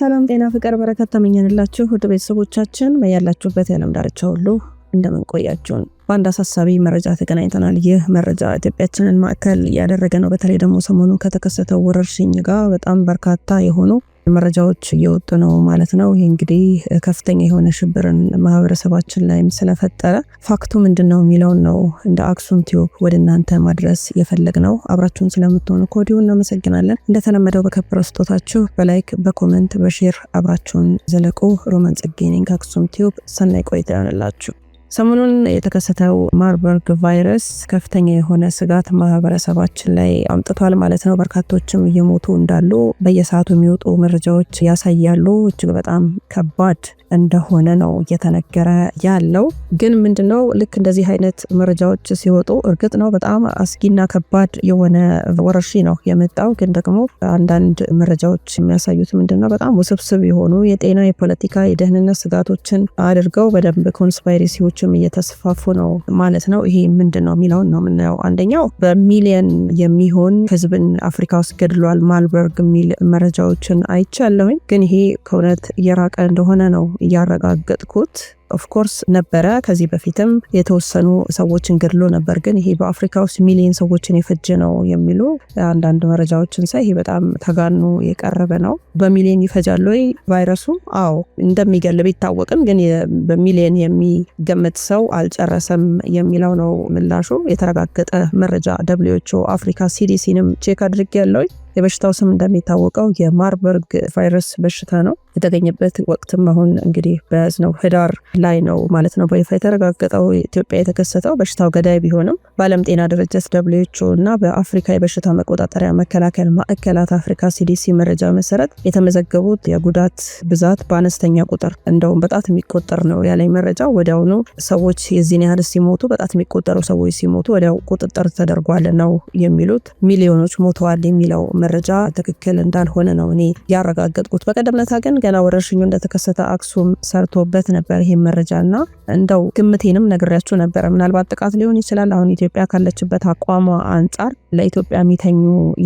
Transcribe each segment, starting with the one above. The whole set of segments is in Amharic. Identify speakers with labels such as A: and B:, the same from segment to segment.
A: ሰላም ጤና ፍቅር በረከት ተመኘንላችሁ ውድ ቤተሰቦቻችን በያላችሁበት የዓለም ዳርቻ ሁሉ እንደምንቆያችሁን በአንድ አሳሳቢ መረጃ ተገናኝተናል። ይህ መረጃ ኢትዮጵያችንን ማዕከል ያደረገ ነው። በተለይ ደግሞ ሰሞኑ ከተከሰተው ወረርሽኝ ጋር በጣም በርካታ የሆኑ መረጃዎች እየወጡ ነው ማለት ነው። ይህ እንግዲህ ከፍተኛ የሆነ ሽብርን ማህበረሰባችን ላይም ስለፈጠረ ፋክቱ ምንድን ነው የሚለውን ነው እንደ አክሱም ቲዩብ ወደ እናንተ ማድረስ የፈለግ ነው። አብራችሁን ስለምትሆኑ ከወዲሁ እናመሰግናለን። እንደተለመደው በከበረ ስጦታችሁ በላይክ በኮመንት በሼር አብራችሁን ዘለቁ። ሮማን ጽጌ ነኝ ከአክሱም ቲዩብ። ሰናይ ቆይታ ይሆንላችሁ። ሰሞኑን የተከሰተው ማርበርግ ቫይረስ ከፍተኛ የሆነ ስጋት ማህበረሰባችን ላይ አምጥቷል ማለት ነው። በርካቶችም እየሞቱ እንዳሉ በየሰዓቱ የሚወጡ መረጃዎች ያሳያሉ። እጅግ በጣም ከባድ እንደሆነ ነው እየተነገረ ያለው። ግን ምንድነው ልክ እንደዚህ አይነት መረጃዎች ሲወጡ እርግጥ ነው በጣም አስጊና ከባድ የሆነ ወረርሽኝ ነው የመጣው። ግን ደግሞ አንዳንድ መረጃዎች የሚያሳዩት ምንድነው በጣም ውስብስብ የሆኑ የጤና፣ የፖለቲካ፣ የደህንነት ስጋቶችን አድርገው በደንብ ኮንስፓይሬሲዎችም እየተስፋፉ ነው ማለት ነው። ይሄ ምንድን ነው የሚለውን ነው የምናየው። አንደኛው በሚሊየን የሚሆን ህዝብን አፍሪካ ውስጥ ገድሏል ማልበርግ የሚል መረጃዎችን አይቻለሁኝ። ግን ይሄ ከእውነት የራቀ እንደሆነ ነው እያረጋገጥኩት ኦፍኮርስ ነበረ። ከዚህ በፊትም የተወሰኑ ሰዎችን ገድሎ ነበር፣ ግን ይሄ በአፍሪካ ውስጥ ሚሊዮን ሰዎችን የፈጀ ነው የሚሉ አንዳንድ መረጃዎችን ሳይ ይሄ በጣም ተጋኖ የቀረበ ነው። በሚሊዮን ይፈጃል ወይ ቫይረሱ? አዎ እንደሚገል ቢታወቅም፣ ግን በሚሊዮን የሚገመት ሰው አልጨረሰም የሚለው ነው ምላሹ። የተረጋገጠ መረጃ ደብሊዎቹ አፍሪካ ሲዲሲንም ቼክ አድርጌ ያለው የበሽታው ስም እንደሚታወቀው የማርበርግ ቫይረስ በሽታ ነው። የተገኘበት ወቅትም አሁን እንግዲህ በያዝ ህዳር ላይ ነው ማለት ነው በይፋ የተረጋገጠው ኢትዮጵያ የተከሰተው በሽታው ገዳይ ቢሆንም በዓለም ጤና ድርጅት ደብሊውኤች ኦ እና በአፍሪካ የበሽታ መቆጣጠሪያ መከላከል ማዕከላት አፍሪካ ሲዲሲ መረጃ መሰረት የተመዘገቡት የጉዳት ብዛት በአነስተኛ ቁጥር እንደውም በጣት የሚቆጠር ነው ያለኝ መረጃ ወዲያውኑ ሰዎች የዚህን ያህል ሲሞቱ በጣት የሚቆጠሩ ሰዎች ሲሞቱ ወዲያው ቁጥጥር ተደርጓል ነው የሚሉት ሚሊዮኖች ሞተዋል የሚለው መረጃ ትክክል እንዳልሆነ ነው እኔ ያረጋገጥኩት በቀደምነታ ግን ገና ወረርሽኙ እንደተከሰተ አክሱም ሰርቶበት ነበር። ይህም መረጃና እንደው ግምቴንም ነግሬያችሁ ነበረ። ምናልባት ጥቃት ሊሆን ይችላል። አሁን ኢትዮጵያ ካለችበት አቋሟ አንጻር ለኢትዮጵያ የሚተኙ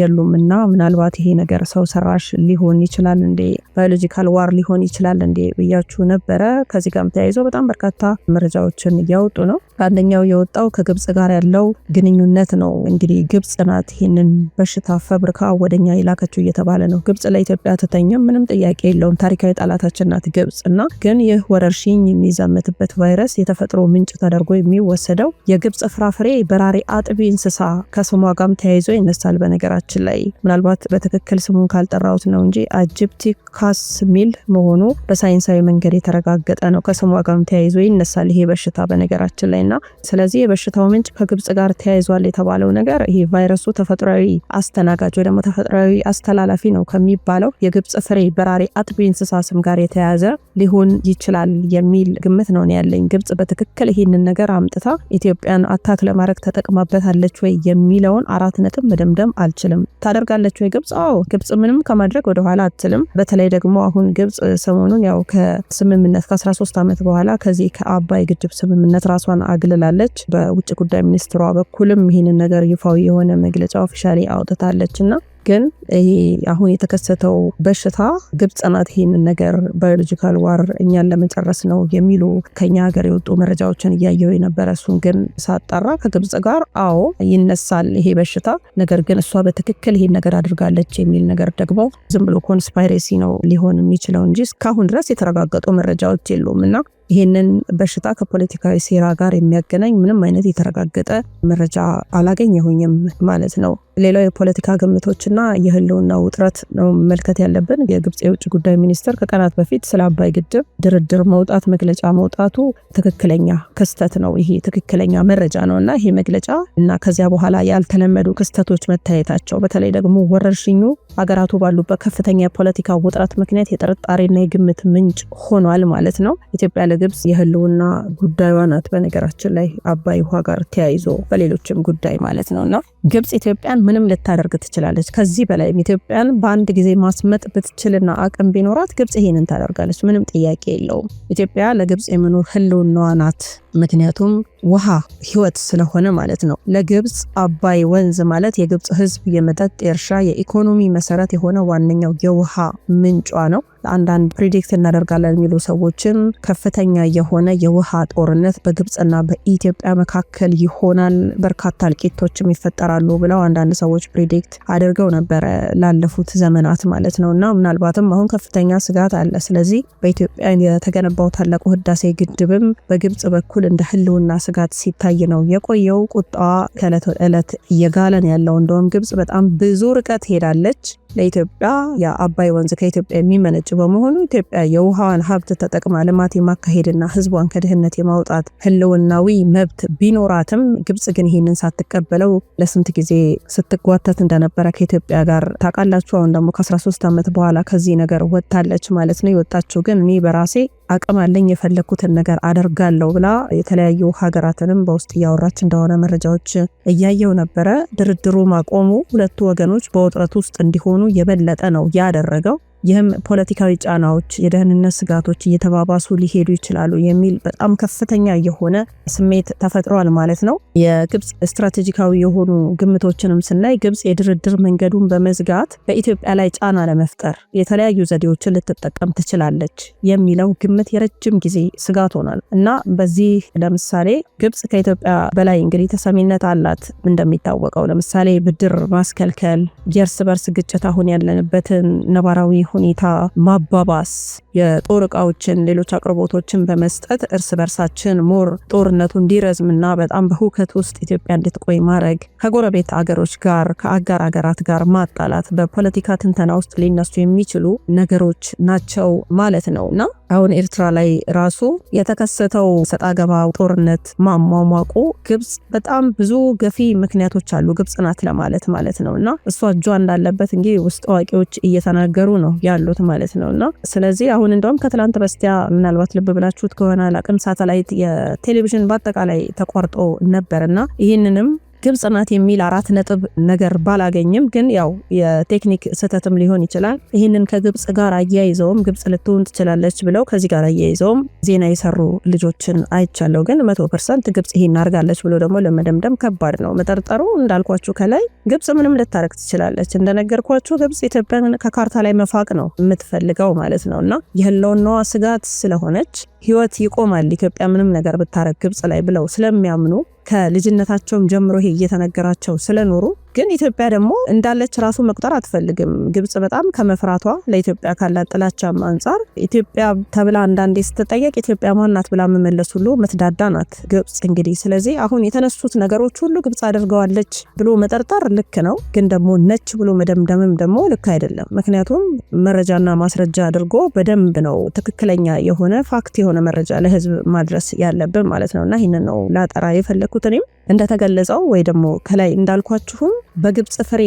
A: የሉም እና ምናልባት ይሄ ነገር ሰው ሰራሽ ሊሆን ይችላል እንዴ፣ ባዮሎጂካል ዋር ሊሆን ይችላል እንዴ ብያችሁ ነበረ። ከዚህ ጋርም ተያይዞ በጣም በርካታ መረጃዎችን እያወጡ ነው። ከአንደኛው የወጣው ከግብጽ ጋር ያለው ግንኙነት ነው። እንግዲህ ግብጽ ናት ይህንን በሽታ ፈብርካ ወደኛ የላከችው እየተባለ ነው። ግብጽ ለኢትዮጵያ አትተኝም፣ ምንም ጥያቄ የለውም። ታሪካዊ ጠላታችን ናት ግብጽ እና ግን ይህ ወረርሽኝ የሚዛመትበት ቫይረስ የተፈጥሮ ምንጭ ተደርጎ የሚወሰደው የግብጽ ፍራፍሬ በራሪ አጥቢ እንስሳ ከስሟ ጋም ተያይዞ ይነሳል። በነገራችን ላይ ምናልባት በትክክል ስሙን ካልጠራሁት ነው እንጂ ካስ ሚል መሆኑ በሳይንሳዊ መንገድ የተረጋገጠ ነው። ከስሟ ጋም ተያይዞ ይነሳል ይሄ በሽታ በነገራችን ላይ እና ስለዚህ የበሽታው ምንጭ ከግብጽ ጋር ተያይዟል የተባለው ነገር ይሄ ቫይረሱ ተፈጥሯዊ አስተናጋጅ ወይ ደግሞ ተፈጥሯዊ አስተላላፊ ነው ከሚባለው የግብጽ ፍሬ በራሪ አጥቢ እንስሳ ስም ጋር የተያያዘ ሊሆን ይችላል የሚል ግምት ነው ያለኝ። ግብጽ በትክክል ይህንን ነገር አምጥታ ኢትዮጵያን አታክ ለማድረግ ተጠቅማበታለች ወይ የሚለውን አራት ነጥብ መደምደም አልችልም። ታደርጋለች ወይ ግብጽ? አዎ ግብጽ ምንም ከማድረግ ወደኋላ አትልም። በተለይ ደግሞ አሁን ግብጽ ሰሞኑን ያው ከስምምነት ከ13 ዓመት በኋላ ከዚህ ከአባይ ግድብ ስምምነት ራሷን አግልላለች። በውጭ ጉዳይ ሚኒስትሯ በኩልም ይህንን ነገር ይፋዊ የሆነ መግለጫ ኦፊሻሊ አውጥታለች እና ግን ይሄ አሁን የተከሰተው በሽታ ግብጽ ናት ይሄንን ነገር ባዮሎጂካል ዋር እኛን ለመጨረስ ነው የሚሉ ከኛ ሀገር የወጡ መረጃዎችን እያየው የነበረ እሱን ግን ሳጣራ ከግብጽ ጋር አዎ ይነሳል ይሄ በሽታ ነገር ግን እሷ በትክክል ይሄን ነገር አድርጋለች የሚል ነገር ደግሞ ዝም ብሎ ኮንስፓይሬሲ ነው ሊሆን የሚችለው እንጂ እስካሁን ድረስ የተረጋገጡ መረጃዎች የሉም እና ይህንን በሽታ ከፖለቲካዊ ሴራ ጋር የሚያገናኝ ምንም አይነት የተረጋገጠ መረጃ አላገኘሁኝም ማለት ነው። ሌላው የፖለቲካ ግምቶችና የህ የህልውና ውጥረት ነው መመልከት ያለብን። የግብፅ የውጭ ጉዳይ ሚኒስትር ከቀናት በፊት ስለ አባይ ግድብ ድርድር መውጣት መግለጫ መውጣቱ ትክክለኛ ክስተት ነው። ይሄ ትክክለኛ መረጃ ነው እና ይሄ መግለጫ እና ከዚያ በኋላ ያልተለመዱ ክስተቶች መታየታቸው በተለይ ደግሞ ወረርሽኙ ሀገራቱ ባሉበት ከፍተኛ የፖለቲካ ውጥረት ምክንያት የጥርጣሬና የግምት ምንጭ ሆኗል ማለት ነው። ኢትዮጵያ ለግብፅ የህልውና ጉዳዩ ናት። በነገራችን ላይ አባይ ውሃ ጋር ተያይዞ በሌሎችም ጉዳይ ማለት ነው እና ግብፅ ኢትዮጵያን ምንም ልታደርግ ትችላለች ከዚህ በላይ ወይም ኢትዮጵያን በአንድ ጊዜ ማስመጥ ብትችልና አቅም ቢኖራት ግብጽ ይሄንን ታደርጋለች። ምንም ጥያቄ የለውም። ኢትዮጵያ ለግብጽ የመኖር ህልውናዋ ናት። ምክንያቱም ውሃ ህይወት ስለሆነ ማለት ነው። ለግብጽ አባይ ወንዝ ማለት የግብጽ ህዝብ የመጠጥ፣ የእርሻ፣ የኢኮኖሚ መሰረት የሆነ ዋነኛው የውሃ ምንጯ ነው። አንዳንድ ፕሪዲክት እናደርጋለን የሚሉ ሰዎችም ከፍተኛ የሆነ የውሃ ጦርነት በግብፅና በኢትዮጵያ መካከል ይሆናል፣ በርካታ እልቂቶችም ይፈጠራሉ ብለው አንዳንድ ሰዎች ፕሪዲክት አድርገው ነበረ ላለፉት ዘመናት ማለት ነው። እና ምናልባትም አሁን ከፍተኛ ስጋት አለ። ስለዚህ በኢትዮጵያ የተገነባው ታላቁ ህዳሴ ግድብም በግብጽ በኩል እንደ ህልውና ስጋት ሲታይ ነው የቆየው። ቁጣዋ ከእለት እለት እየጋለን ያለው እንደውም ግብጽ በጣም ብዙ ርቀት ሄዳለች። ለኢትዮጵያ የአባይ ወንዝ ከኢትዮጵያ የሚመነጭ በመሆኑ ኢትዮጵያ የውሃዋን ሀብት ተጠቅማ ልማት የማካሄድና ህዝቧን ከድህነት የማውጣት ህልውናዊ መብት ቢኖራትም ግብጽ ግን ይህንን ሳትቀበለው ለስንት ጊዜ ስትጓተት እንደነበረ ከኢትዮጵያ ጋር ታውቃላችሁ። አሁን ደግሞ ከ13 ዓመት በኋላ ከዚህ ነገር ወጥታለች ማለት ነው። የወጣችው ግን እኔ በራሴ አቅም አለኝ የፈለግኩትን ነገር አደርጋለሁ ብላ የተለያዩ ሀገራትንም በውስጥ እያወራች እንደሆነ መረጃዎች እያየው ነበረ። ድርድሩ ማቆሙ ሁለቱ ወገኖች በውጥረት ውስጥ እንዲሆኑ የበለጠ ነው ያደረገው። ይህም ፖለቲካዊ ጫናዎች፣ የደህንነት ስጋቶች እየተባባሱ ሊሄዱ ይችላሉ የሚል በጣም ከፍተኛ የሆነ ስሜት ተፈጥሯል ማለት ነው። የግብፅ ስትራቴጂካዊ የሆኑ ግምቶችንም ስናይ ግብፅ የድርድር መንገዱን በመዝጋት በኢትዮጵያ ላይ ጫና ለመፍጠር የተለያዩ ዘዴዎችን ልትጠቀም ትችላለች የሚለው ግምት የረጅም ጊዜ ስጋት ሆኗል እና በዚህ ለምሳሌ ግብፅ ከኢትዮጵያ በላይ እንግዲህ ተሰሚነት አላት እንደሚታወቀው። ለምሳሌ ብድር ማስከልከል፣ የእርስ በርስ ግጭት አሁን ያለንበትን ነባራዊ ሁኔታ ማባባስ፣ የጦር እቃዎችን፣ ሌሎች አቅርቦቶችን በመስጠት እርስ በርሳችን ሞር ጦርነቱ እንዲረዝምና በጣም በሁከት ውስጥ ኢትዮጵያ እንድትቆይ ማድረግ፣ ከጎረቤት አገሮች ጋር ከአጋር አገራት ጋር ማጣላት በፖለቲካ ትንተና ውስጥ ሊነሱ የሚችሉ ነገሮች ናቸው ማለት ነው እና አሁን ኤርትራ ላይ ራሱ የተከሰተው ሰጣ ገባ ጦርነት ማሟሟቁ ግብጽ በጣም ብዙ ገፊ ምክንያቶች አሉ ግብጽ ናት ለማለት ማለት ነው እና እሷ እጇ እንዳለበት እንግዲህ ውስጥ አዋቂዎች እየተናገሩ ነው። ያሉት ማለት ነው። እና ስለዚህ አሁን እንደውም ከትላንት በስቲያ ምናልባት ልብ ብላችሁት ከሆነ አላቅም ሳተላይት የቴሌቪዥን በአጠቃላይ ተቋርጦ ነበር እና ይህንንም ግብጽ ናት የሚል አራት ነጥብ ነገር ባላገኝም ግን ያው የቴክኒክ ስህተትም ሊሆን ይችላል። ይህንን ከግብጽ ጋር አያይዘውም ግብጽ ልትሆን ትችላለች ብለው ከዚህ ጋር አያይዘውም ዜና የሰሩ ልጆችን አይቻለው ግን መቶ ፐርሰንት ግብጽ ይሄን አርጋለች ብሎ ደግሞ ለመደምደም ከባድ ነው። መጠርጠሩ እንዳልኳችሁ ከላይ ግብጽ ምንም ልታረግ ትችላለች። እንደነገርኳችሁ ግብጽ ኢትዮጵያን ከካርታ ላይ መፋቅ ነው የምትፈልገው ማለት ነው እና የህልውናዋ ስጋት ስለሆነች ህይወት ይቆማል ኢትዮጵያ ምንም ነገር ብታረግ ግብጽ ላይ ብለው ስለሚያምኑ ከልጅነታቸውም ጀምሮ ይሄ እየተነገራቸው ስለኖሩ ግን ኢትዮጵያ ደግሞ እንዳለች ራሱ መቁጠር አትፈልግም። ግብጽ በጣም ከመፍራቷ ለኢትዮጵያ ካላት ጥላቻም አንጻር ኢትዮጵያ ተብላ አንዳንዴ ስትጠየቅ ኢትዮጵያ ማናት ብላ መመለስ ሁሉ መትዳዳ ናት ግብጽ እንግዲህ። ስለዚህ አሁን የተነሱት ነገሮች ሁሉ ግብጽ አድርገዋለች ብሎ መጠርጠር ልክ ነው፣ ግን ደግሞ ነች ብሎ መደምደምም ደግሞ ልክ አይደለም። ምክንያቱም መረጃና ማስረጃ አድርጎ በደንብ ነው ትክክለኛ የሆነ ፋክት የሆነ መረጃ ለህዝብ ማድረስ ያለብን ማለት ነው። እና ይህንን ነው ላጠራ የፈለግኩት እኔም እንደተገለጸው ወይ ደግሞ ከላይ እንዳልኳችሁም በግብፅ ፍሬ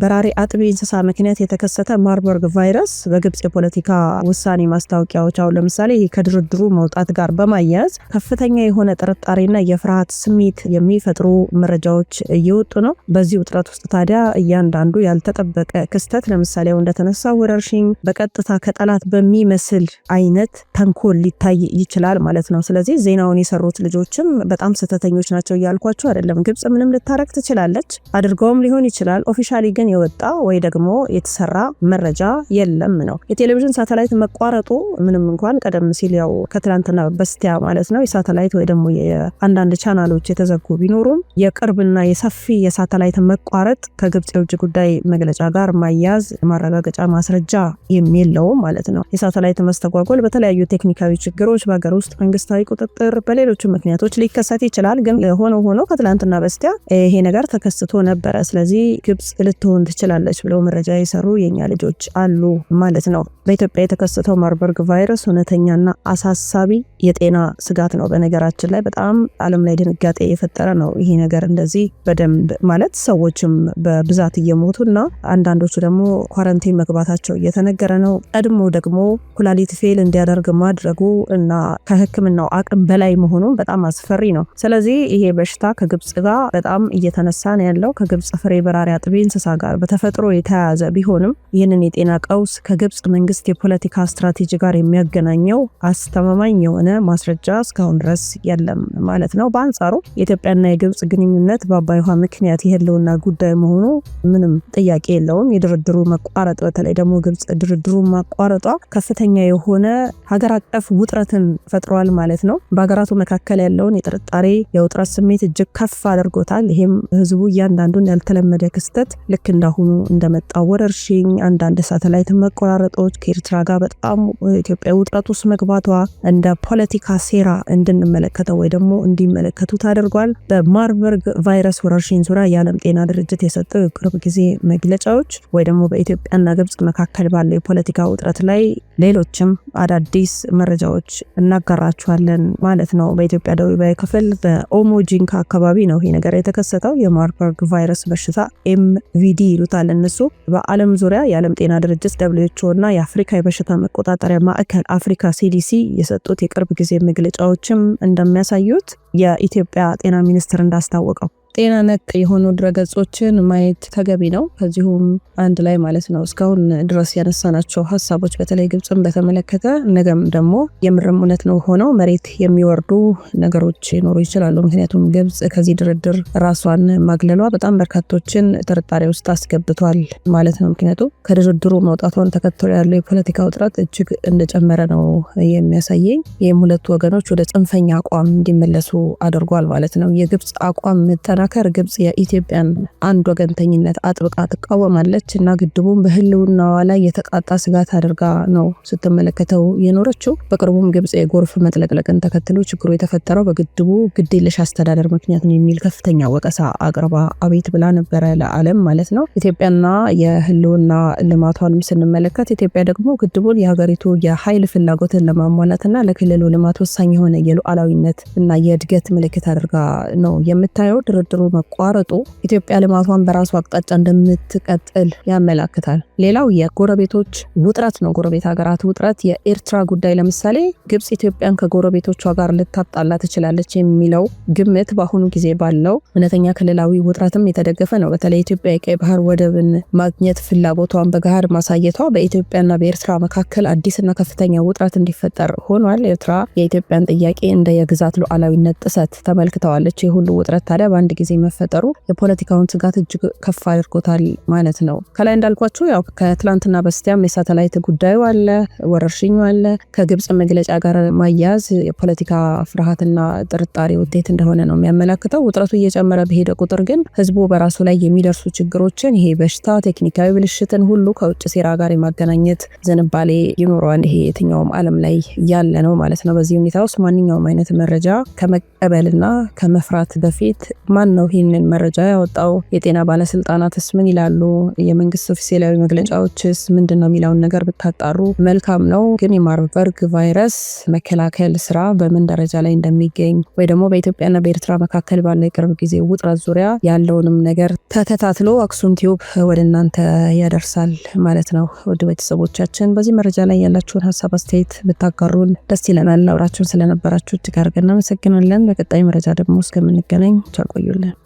A: በራሪ አጥቢ እንስሳ ምክንያት የተከሰተ ማርበርግ ቫይረስ በግብፅ የፖለቲካ ውሳኔ ማስታወቂያዎች አሁን ለምሳሌ ከድርድሩ መውጣት ጋር በማያያዝ ከፍተኛ የሆነ ጥርጣሬና የፍርሃት ስሜት የሚፈጥሩ መረጃዎች እየወጡ ነው። በዚህ ውጥረት ውስጥ ታዲያ እያንዳንዱ ያልተጠበቀ ክስተት ለምሳሌ እንደተነሳ ወረርሽኝ በቀጥታ ከጠላት በሚመስል አይነት ተንኮል ሊታይ ይችላል ማለት ነው። ስለዚህ ዜናውን የሰሩት ልጆችም በጣም ስህተተኞች ናቸው እያልኳቸው አይደለም። ግብፅ ምንም ልታረግ ትችላለች አድርገውም ተደርጎም ሊሆን ይችላል። ኦፊሻሊ ግን የወጣ ወይ ደግሞ የተሰራ መረጃ የለም ነው። የቴሌቪዥን ሳተላይት መቋረጡ ምንም እንኳን ቀደም ሲል ያው ከትላንትና በስቲያ ማለት ነው የሳተላይት ወይ ደግሞ የአንዳንድ ቻናሎች የተዘጉ ቢኖሩም የቅርብና የሰፊ የሳተላይት መቋረጥ ከግብጽ የውጭ ጉዳይ መግለጫ ጋር ማያዝ ማረጋገጫ ማስረጃ የሚለው ማለት ነው። የሳተላይት መስተጓጎል በተለያዩ ቴክኒካዊ ችግሮች፣ በሀገር ውስጥ መንግስታዊ ቁጥጥር፣ በሌሎች ምክንያቶች ሊከሰት ይችላል። ግን ሆኖ ሆኖ ከትላንትና በስቲያ ይሄ ነገር ተከስቶ ነበረ። ስለዚህ ግብጽ ልትሆን ትችላለች ብለው መረጃ የሰሩ የኛ ልጆች አሉ ማለት ነው። በኢትዮጵያ የተከሰተው ማርበርግ ቫይረስ እውነተኛና አሳሳቢ የጤና ስጋት ነው። በነገራችን ላይ በጣም ዓለም ላይ ድንጋጤ የፈጠረ ነው ይሄ ነገር እንደዚህ በደንብ ማለት ሰዎችም በብዛት እየሞቱ እና አንዳንዶቹ ደግሞ ኳረንቲን መግባታቸው እየተነገረ ነው። ቀድሞ ደግሞ ኩላሊት ፌል እንዲያደርግ ማድረጉ እና ከሕክምናው አቅም በላይ መሆኑን በጣም አስፈሪ ነው። ስለዚህ ይሄ በሽታ ከግብጽ ጋር በጣም እየተነሳ ነው ያለው ከግብጽ ፍሬ በራሪ አጥቢ እንስሳ ጋር በተፈጥሮ የተያያዘ ቢሆንም ይህንን የጤና ቀውስ ከግብፅ መንግስት የፖለቲካ ስትራቴጂ ጋር የሚያገናኘው አስተማማኝ የሆነ ማስረጃ እስካሁን ድረስ የለም ማለት ነው። በአንጻሩ የኢትዮጵያና የግብፅ ግንኙነት በአባይ ውሃ ምክንያት የህልውና ጉዳይ መሆኑ ምንም ጥያቄ የለውም። የድርድሩ መቋረጥ በተለይ ደግሞ ግብፅ ድርድሩ ማቋረጧ ከፍተኛ የሆነ ሀገር አቀፍ ውጥረትን ፈጥሯል ማለት ነው። በሀገራቱ መካከል ያለውን የጥርጣሬ የውጥረት ስሜት እጅግ ከፍ አድርጎታል። ይሄም ህዝቡ እያንዳንዱን ያልተ ያልተለመደ ክስተት ልክ እንዳሁኑ እንደመጣ ወረርሽኝ፣ አንዳንድ ሳተላይት መቆራረጦች፣ ከኤርትራ ጋር በጣም ኢትዮጵያ ውጥረት ውስጥ መግባቷ እንደ ፖለቲካ ሴራ እንድንመለከተው ወይ ደግሞ እንዲመለከቱ አድርጓል። በማርበርግ ቫይረስ ወረርሽኝ ዙሪያ የዓለም ጤና ድርጅት የሰጠው የቅርብ ጊዜ መግለጫዎች ወይ ደግሞ በኢትዮጵያና ግብጽ መካከል ባለው የፖለቲካ ውጥረት ላይ ሌሎችም አዳዲስ መረጃዎች እናጋራችኋለን ማለት ነው። በኢትዮጵያ ደቡባዊ ክፍል በኦሞጂንካ አካባቢ ነው ይህ ነገር የተከሰተው የማርበርግ ቫይረስ በሽታ ኤምቪዲ ይሉታል እነሱ። በዓለም ዙሪያ የዓለም ጤና ድርጅት ደብሊውኤችኦ እና የአፍሪካ የበሽታ መቆጣጠሪያ ማዕከል አፍሪካ ሲዲሲ የሰጡት የቅርብ ጊዜ መግለጫዎችም እንደሚያሳዩት የኢትዮጵያ ጤና ሚኒስቴር እንዳስታወቀው ጤና ነክ የሆኑ ድረገጾችን ማየት ተገቢ ነው። ከዚሁም አንድ ላይ ማለት ነው እስካሁን ድረስ ያነሳናቸው ሀሳቦች በተለይ ግብፅን በተመለከተ ነገም ደግሞ የምርም እውነት ነው ሆነው መሬት የሚወርዱ ነገሮች ሊኖሩ ይችላሉ። ምክንያቱም ግብፅ ከዚህ ድርድር ራሷን ማግለሏ በጣም በርካቶችን ጥርጣሬ ውስጥ አስገብቷል ማለት ነው። ምክንያቱም ከድርድሩ መውጣቷን ተከትሎ ያለው የፖለቲካ ውጥረት እጅግ እንደጨመረ ነው የሚያሳየኝ። ይህም ሁለቱ ወገኖች ወደ ጽንፈኛ አቋም እንዲመለሱ አድርጓል ማለት ነው። የግብፅ አቋም በመጠናከር ግብጽ የኢትዮጵያን አንድ ወገንተኝነት አጥብቃ ትቃወማለች እና ግድቡን በህልውናዋ ላይ የተቃጣ ስጋት አድርጋ ነው ስትመለከተው የኖረችው። በቅርቡም ግብጽ የጎርፍ መጥለቅለቅን ተከትሎ ችግሩ የተፈጠረው በግድቡ ግዴለሽ አስተዳደር ምክንያት ነው የሚል ከፍተኛ ወቀሳ አቅርባ አቤት ብላ ነበረ ለዓለም ማለት ነው። ኢትዮጵያና የህልውና ልማቷንም ስንመለከት ኢትዮጵያ ደግሞ ግድቡን የሀገሪቱ የኃይል ፍላጎትን ለማሟላትና ለክልሉ ልማት ወሳኝ የሆነ የሉዓላዊነት እና የእድገት ምልክት አድርጋ ነው የምታየው። ድርድሩ መቋረጡ ኢትዮጵያ ልማቷን በራሱ አቅጣጫ እንደምትቀጥል ያመላክታል። ሌላው የጎረቤቶች ውጥረት ነው። ጎረቤት ሀገራት ውጥረት፣ የኤርትራ ጉዳይ ለምሳሌ ግብጽ ኢትዮጵያን ከጎረቤቶቿ ጋር ልታጣላ ትችላለች የሚለው ግምት በአሁኑ ጊዜ ባለው እውነተኛ ክልላዊ ውጥረትም የተደገፈ ነው። በተለይ ኢትዮጵያ የቀይ ባህር ወደብን ማግኘት ፍላጎቷን በገሃድ ማሳየቷ በኢትዮጵያና በኤርትራ መካከል አዲስና ከፍተኛ ውጥረት እንዲፈጠር ሆኗል። ኤርትራ የኢትዮጵያን ጥያቄ እንደ የግዛት ሉዓላዊነት ጥሰት ተመልክተዋለች። የሁሉ ውጥረት ታዲያ በአንድ ጊዜ መፈጠሩ የፖለቲካውን ስጋት እጅግ ከፍ አድርጎታል ማለት ነው። ከላይ እንዳልኳቸው ያው ከትላንትና በስቲያም የሳተላይት ጉዳዩ አለ፣ ወረርሽኙ አለ። ከግብፅ መግለጫ ጋር ማያያዝ የፖለቲካ ፍርሃትና ጥርጣሬ ውጤት እንደሆነ ነው የሚያመላክተው። ውጥረቱ እየጨመረ በሄደ ቁጥር ግን ህዝቡ በራሱ ላይ የሚደርሱ ችግሮችን ይሄ በሽታ ቴክኒካዊ ብልሽትን ሁሉ ከውጭ ሴራ ጋር የማገናኘት ዝንባሌ ይኖረዋል። ይሄ የትኛውም ዓለም ላይ ያለ ነው ማለት ነው። በዚህ ሁኔታ ውስጥ ማንኛውም አይነት መረጃ ከመቀበልና ከመፍራት በፊት ማን ነው ይህንን መረጃ ያወጣው? የጤና ባለስልጣናትስ ምን ይላሉ? የመንግስት ኦፊሴላዊ መግለ መገለጫዎችስ ምንድን ነው የሚለውን ነገር ብታጣሩ መልካም ነው። ግን የማርበርግ ቫይረስ መከላከል ስራ በምን ደረጃ ላይ እንደሚገኝ ወይ ደግሞ በኢትዮጵያና በኤርትራ መካከል ባለ የቅርብ ጊዜ ውጥረት ዙሪያ ያለውንም ነገር ተከታትሎ አክሱም ቲዩብ ወደ እናንተ ያደርሳል ማለት ነው። ውድ ቤተሰቦቻችን በዚህ መረጃ ላይ ያላችሁን ሀሳብ አስተያየት ብታጋሩን ደስ ይለናል። አብራችሁን ስለነበራችሁ እጅግ አድርገን እናመሰግናለን። በቀጣይ መረጃ ደግሞ እስከምንገናኝ ቸር ቆዩልን።